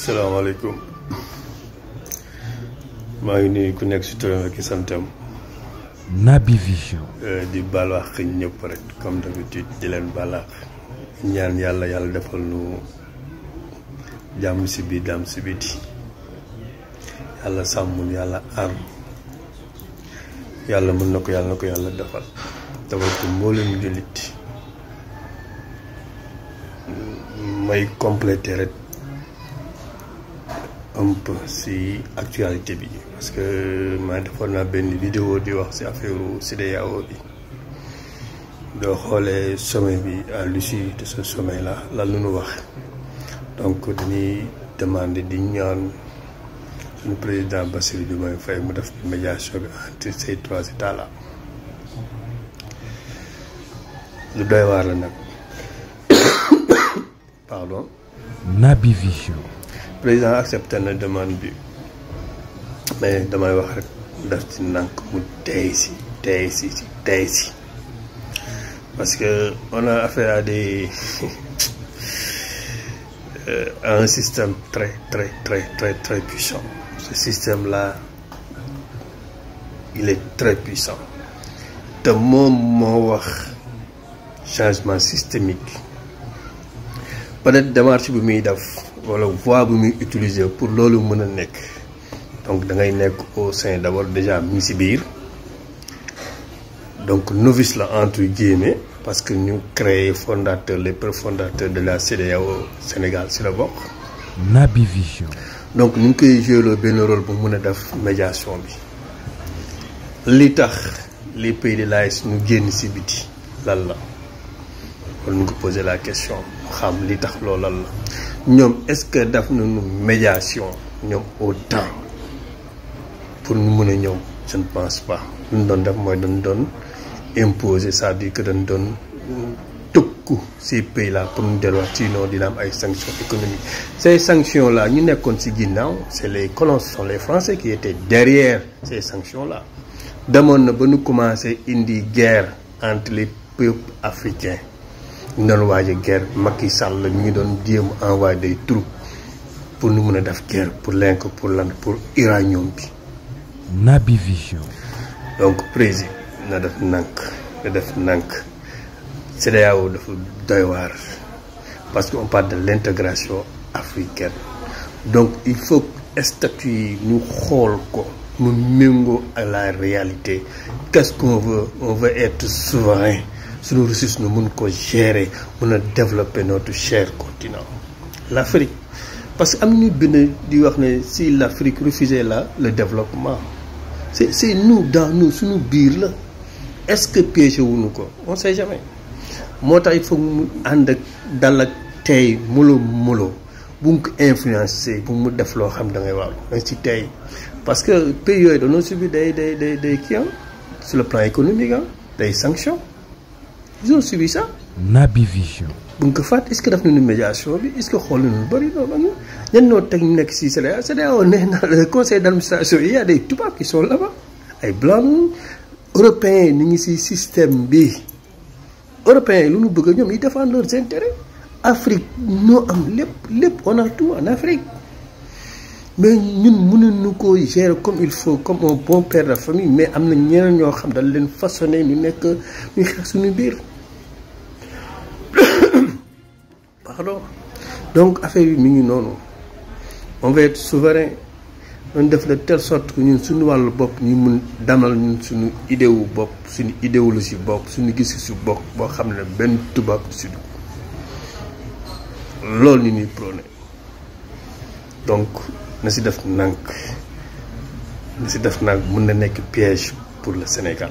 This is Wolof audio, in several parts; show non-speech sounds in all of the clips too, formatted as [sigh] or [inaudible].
Assalamualaikum. maa ngi nuyu ku nekk santam. Nabi Vision. Eh, di baal wax ñëpp rek comme d'habitude di leen balaax ñaan Yalla Yalla defal nu jam si biir jàmm si biti Yalla sàmm Yalla am. Yalla mën nako Yalla nako Yalla defal defal ko may compléter rek. un l'actualité si actualité parce que ma defoon naa une vidéo di wax si affaire CEDEAO bi doo xoolee sommet bi à l'issue de ce sommet là la lune Donc, wax donc demander di ñaan le président Bassir Diomaye Faye faire une médiation entre ces trois états là Je dois waar le [coughs] pardon Nabi Vision président accepté la demande mais que wax rek ci parce que on a affaire à des [laughs] euh, à un système très très très très très puissant ce système là il est très puissant te mon changement systémique peut-être démarche vous voilà, voie que nous utiliser pour l'eau mën nek donc da ngay nek au sein d'abord déjà misibir donc novice la entre guillemets parce que nous les fondateur les pré-fondateurs de la au Sénégal C'est la bokk. Nabi Vision. donc nous avons joué le rôle pour mën médiation L'État, les pays de l'AES nous gagnent ici, biti lan pour nous poser la question xam li tax est-ce que daf une médiation autant autant. pour nous je ne pense pas Nous avons imposé def imposer c'est-à-dire que dañ avons ces pays là pour nous delluwaat sinon dina sanctions économiques ces sanctions là nous ne ci c'est les colons ce sont les Français qui étaient derrière ces sanctions là Nous na ba ñu commencé une guerre entre les peuples africains nous avons une guerre Macky Sall mi envoyé des troupes pour nous faire a guerre pour lenk pour l'Inde, pour bi. Vision. donc président nous avons une na nous avons CEDEAO dafa parce qu'on parle de l'intégration africaine donc il faut que nous nous xool Nous nous méngoo à la réalité qu'est-ce qu'on veut on veut être souverain nous ressource nu mun ko gérer nous développer notre cher continent l'Afrique parce que am ñu di wax si l'Afrique refusait là le développement c'est nous dans nous suñu nous la est-ce que piégé wuñu ko on sait jamais Moi, il faut mu dans la dal molo molo bu mu ko influencé bu mu def parce que pays yooyu dañoo subi day day day qui ah, sur le plan économique des ah, day sanctions, ils ont subi ça. Naby Vision. bu est est-ce que def une médiation est-ce que xool nañu lu bëri loolu am une ñan ñoo teg ñu nekk si CEDEAO CEDEAO nee na le conseil d'administration il y a des tubaab qui sont là-bas Les blancs les européens ñu ngi si système Les européens lu ñu bëgg ñoom yi défendre leurs intérêts Afrique nous avons lépp lépp on a tout en Afrique. mais ñun mënuñu nous gérer comme il faut comme un bon père de la famille mais nous avons une façon de nous faire. Nous avons une façon de nous faire. alors donc affaire yi non non. on va être souverain on def de telle sorte que nous suñu walu bop ñu damal idéologie bop suñu gis-gisu bop bo xamné ben ni donc na ci def nank na def na piège pour le Sénégal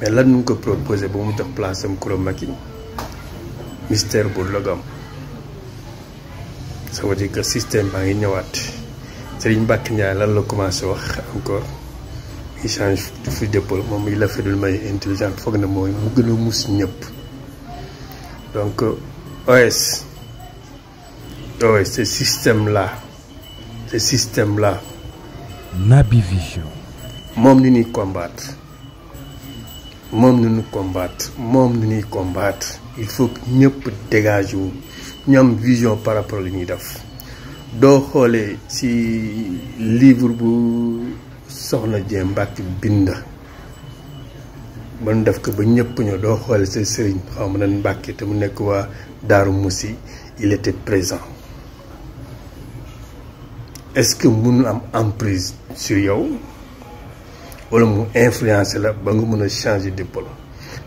mais là nous ko proposé ba mu place am chrome makin, mystère le logam ça veut dire que système baa ngi ñëwaat c'est une Ndiaye lan la commencé wax encore échange fi dépôt moom il a fait une manière intelligente foog na mooy mu gën a mus ñëpp donc OS OS ce système là ce système là Naby Vision moom ni ñuy combattre Moun nou nou kombat, moun nou nou yi kombat, il fok nyop degaj ou, nyam vizyon paraprol yi daf. Do khole si livrou bou son la diyen baki binda. Moun daf kebe, nyop pou nyon, do khole se seri yon manan baki, te moun ekwa Darou Moussi, il ete prezan. Eske moun nou am priz sur yon? wala mu influencé la ba nga mën a changer polo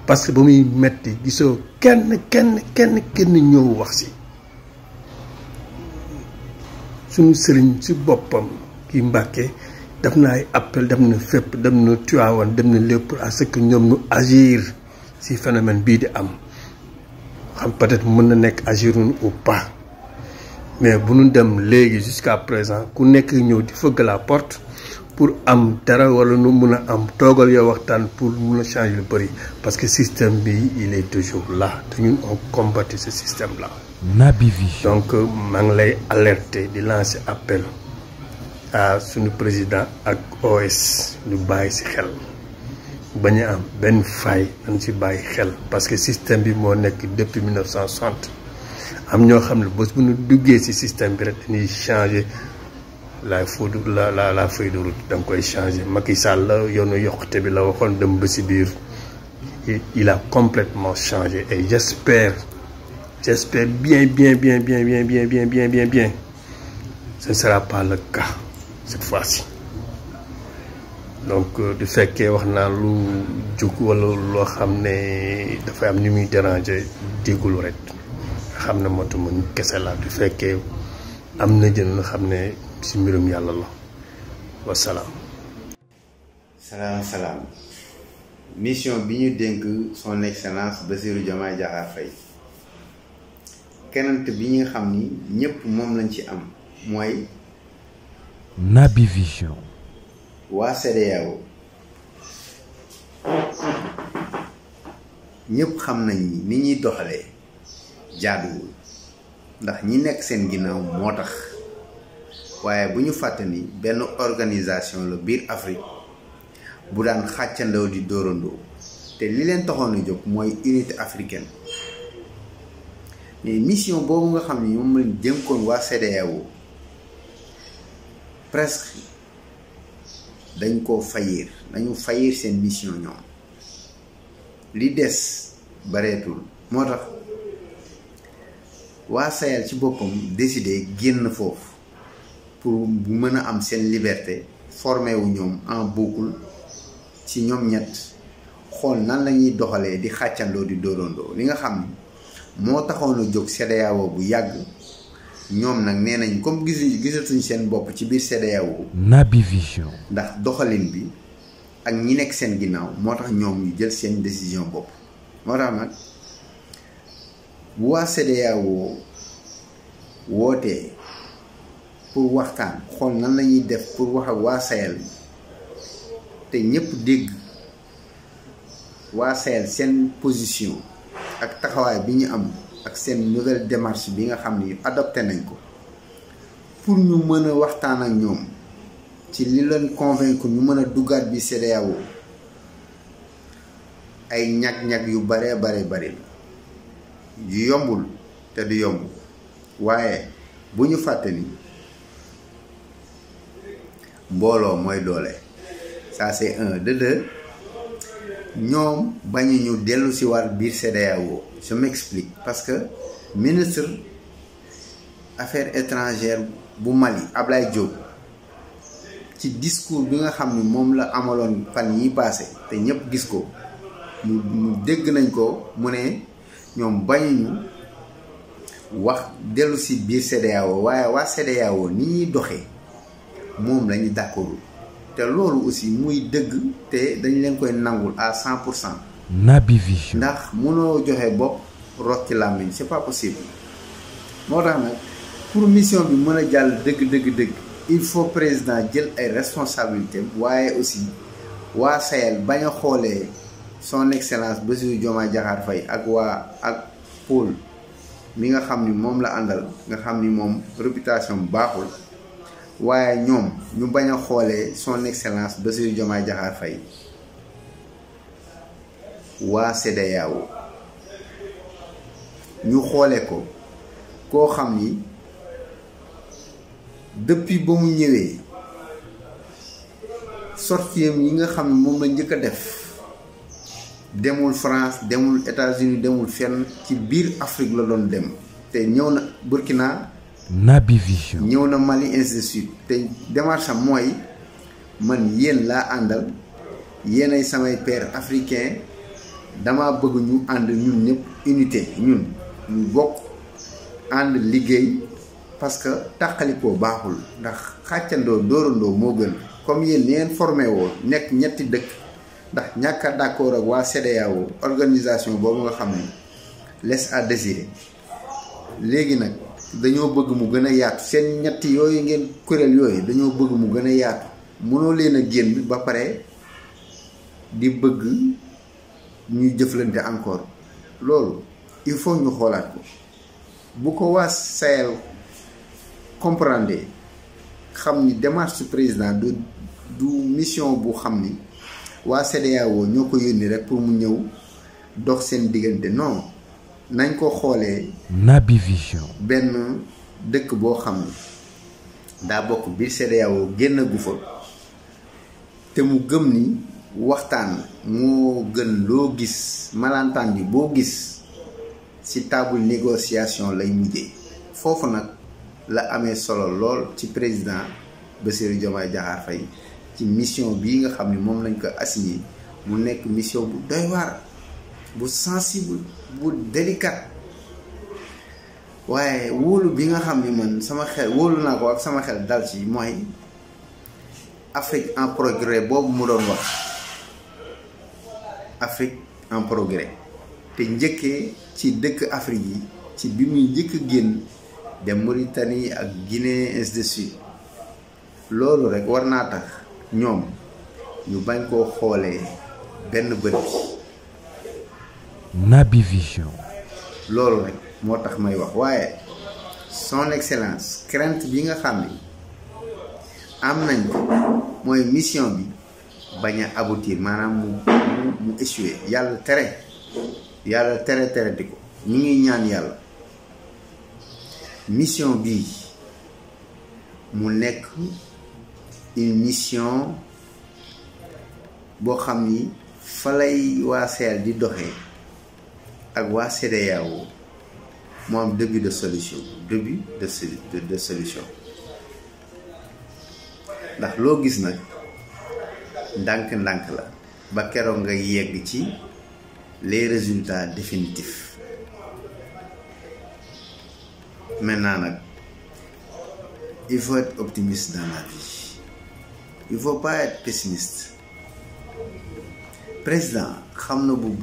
parce que ba muy metti gisoo kenn kenn kenn kenn ñëw wax si suñu sëriñ si boppam kii Mbàkke def na ay appel dem na fépp dem na Tiwaawan dem na lépp à ce que ñoom ñu agir si phénomène bii di am xam peut-être mën na nekk agir ou pas mais bu ñu dem léegi jusqu'à présent ku nekk ñëw di fëgg la porte pour am dara wala nu mëna am togal yo waxtan pour mëna changer le bari parce que système bi il est toujours là té ñun on ce système là. Nabi vi donc euh, ma ngi lay alerter di lancer appel à suñu président ak OS ñu bay ci xel baña am ben fay dañ ci bay xel parce que système bi mo nek depuis 1960 am ño xam ne bés bu ñu ci système bi rek dañuy changer la food la la la feuille de route da nga koy changé Macky Sall la yoonu bi la waxone dem ba ci bir il a complètement changé et j'espère j'espère bien bien bien bien bien bien bien bien bien bien ce ne sera pas le cas cette fois-ci donc du fait que waxna lu djuk wala lo xamné da fay am ni muy déranger déggulu rek nga xam ne motuma kessela du fekkee am na jën nga si mbirum yàlla la wasalaam salaam salaam mission bi ñu dénk son excellence Bassirou Diomaye Diakhar Faye kenant bi ñu xam ni ñépp moom lañ ci am mooy Naby Vision waa CEDEAO ñépp xam nañ ni ñuy doxalee jaaduwul ndax ñi nekk seen ginnaaw moo tax waaye bu ñu fàtte ni benn organisation la biir Afrique bu daan xàccandoo di dóorandoo te li leen toxoon a jóg mooy unité africaine mais mission boobu nga xam ni moom lañ jënkoon waa CEDEAO presque dañ ko fayir dañu fayir seen mission ñoom li des bareetul moo tax waa Sahel ci boppam décidé génn foofu pour bu mën a am seen liberté formé wu ñoom en boucle ci ñoom ñett xool nan la ñuy doxalee di xàccandoo di dóorandoo li nga xam ni moo taxoon jóg CEDEAO bu yàgg ñoom nag nee nañ comme gis gisatuñ seen bopp ci biir CEDEAO. Naby Vision. ndax doxalin bi ak ñi nekk seen ginnaaw moo tax ñoom ñu jël seen décision bopp moo tax nag waa CEDEAO wootee pour waxtaan xool nan lañuy def pour wax ak waa Sahel te ñëpp dégg waa Sahel seen position ak taxawaay bi ñu am ak seen nouvelle démarche bi nga xam ni adopté nañ ko pour ñu mën a waxtaan ak ñoom ci li leen convaincre ñu mën a duggaat bi CEDEAO ay ñag-ñag yu bare bare bare yu yombul te du yomb waaye bu ñu fàtte ni ça c'est un de deux ñom bañu ñu ci war je m'explique parce que ministre affaires étrangères bu Mali Ablaye Diop ci discours bi nga xam la yi passé té ñep gis ko dégg nañ ko mu ne ñom bañu ñu wax ni moom lañu d'accord té lolu aussi muy deug té dañ leen koy nangul à 100% nabi cent. ndax mënoo joxe bopp rocci làmmiñ c'est pas possible moo tax pour mission bi mën jall deug deug deug il faut président jël ay responsabilités waaye aussi wa Sahel baña xolé son excellence Bassirou Diomaye jahar fay ak wa ak Paul mi nga xamni mom la andal nga xamni mom moom réputation baaxul. waaye ñoom ñu bañ a xoolee son excellence Bassirou Diomaye Diakhar Faye waa CEDEAO ñu xoole ko koo xam ni depuis ba mu ñëwee sortiem yi nga xam ne moom la njëkk a def demul France demul États-Unis demul fenn ci biir Afrique la doon dem te ñëw na Burkina Naby Vision ñëw na Mali ainsi de suite démarche am mooy man yéen laa Andal. yéen ay samay père africain dama bëgg ñu ànd ñun ñëpp unité ñun ñu bokk and liguey parce que takaliko baxul ndax xatiando dóorandoo mo geul comme yéen ni formé wo nek ñetti dekk ndax ñaka d'accord ak wa cdao organisation bo nga xamné ne laisse à désirer légui nak dañoo bëgg mu gën a yaatu seen ñett yooyu ngeen kuréel yooyu dañoo bëgg mu gën a yaatu mënoo leen a génn ba pare di bëgg ñu jëflante encore loolu il faut ñu xoolaat ko bu ko waa Sahel comprendre xam ni démarche président du du mission bu xam ni waa CEDEAO ñoo ko yónni rek pour mu ñëw dox seen diggante non nañ ko xoolee. Nabi Vision. benn dëkk boo xam ne daa bokk biir CEDEAO génn fa te mu gëm ni waxtaan moo gën loo gis malentendu gis table négociation lay la amee solo lool ci président Bassirou Diomaye Diakhar Faye ci mission bii nga xam ne lañ ko assigné mu nekk mission bu doy bu sensible bu délicat waaye wóolu bi nga xam ni man sama xel wóolu naa ko ak sama xel dal ci mooy Afrique en progrès boobu mu doon wax Afrique en progrès te njëkkee ci dëkk Afrique yi ci bi muy njëkk génn dem Mauritanie ak Guinée ainsi de suite loolu rek war naa tax ñoom ñu bañ koo xoolee benn bët Nabi Vision. Lolo, rek moo tax may wax son excellence crainte bi nga famille. ne am nañ mission bi bañ a aboutir maanaam mu mu échoué Yal terre, yàlla tere tere di Ni, ñu ñaan mission bi, Mon nek, une mission bo, xam falay, wa, lay di doxee ak de moi mu am début de solution début de de, de solution ndax loo gis nag ndànk-ndànk la ba keroog nga yegg ci les résultats définitifs maintenant il faut être optimiste dans la vie il ne faut pas être pessimiste président je ne bu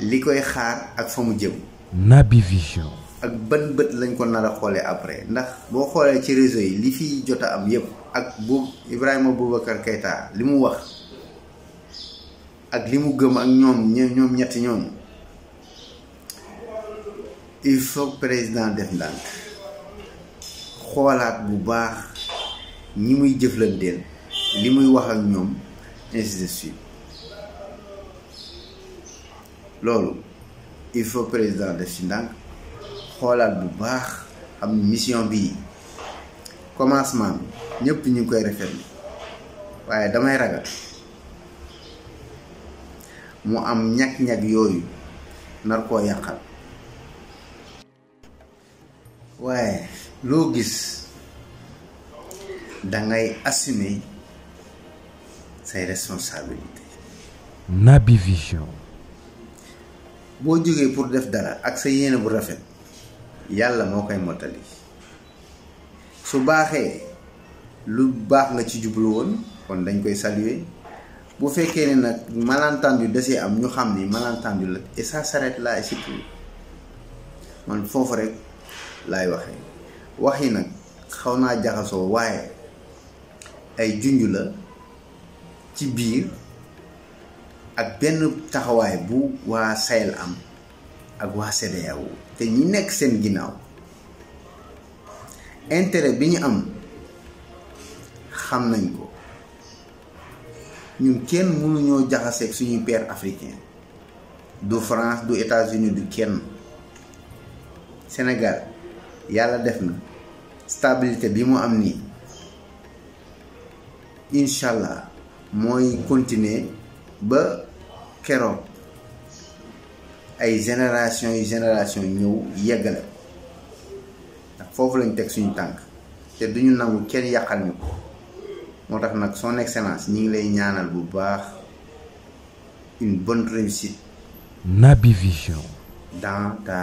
li koy xaar ak fa mu jëm. Naby Vision. ak ban bët lañ ko nar a xoolee après ndax boo xoolee ci réseau yi li fi jot a am yëpp ak bu Ibrahima Boubacar Keita li mu wax ak li mu gëm ak ñoom ñoom ñetti ñoom il faut président def ndànk xoolaat bu baax ñi muy jëflanteel li muy wax ak ñoom ainsi Lolo, il faut président de sindang ndànk bu baax mission bi commencement ñepp koy waye damay ragal mu am nar ko gis assumer responsabilités. Nabi boo jógee pour def dara ak sa yéene bu rafet yàlla moo koy mottali su baaxee lu baax nga ci jublu woon kon dañ koy saluer bu fekkee ne nag malentendu desee am ñu xam ni malentendu la et ça s'arrête là et man foofu rekk laay waxee wax yi nag xaw naa jaxasoo waaye ay junju la ci biir ak benn taxawaay bu waa Sahel am ak waa CEDEAO te ñi nekk seen ginnaaw intéret bi ñu am xam nañ ko ñu kenn mënuñoo jaxaseeg suñuy père africain du France du États-Unis du kenn Sénégal yàlla def na stabilité bi mu am nii incha allah mooy continuer ba keroog ay génération yu génération ñëw yeggale ko ndax foofu lañ teg suñu tànk te duñu nangu kenn yàqal ñu ko moo tax nag son excellence ñi ngi lay ñaanal bu baax une bonne réussite Naby Vision dans ta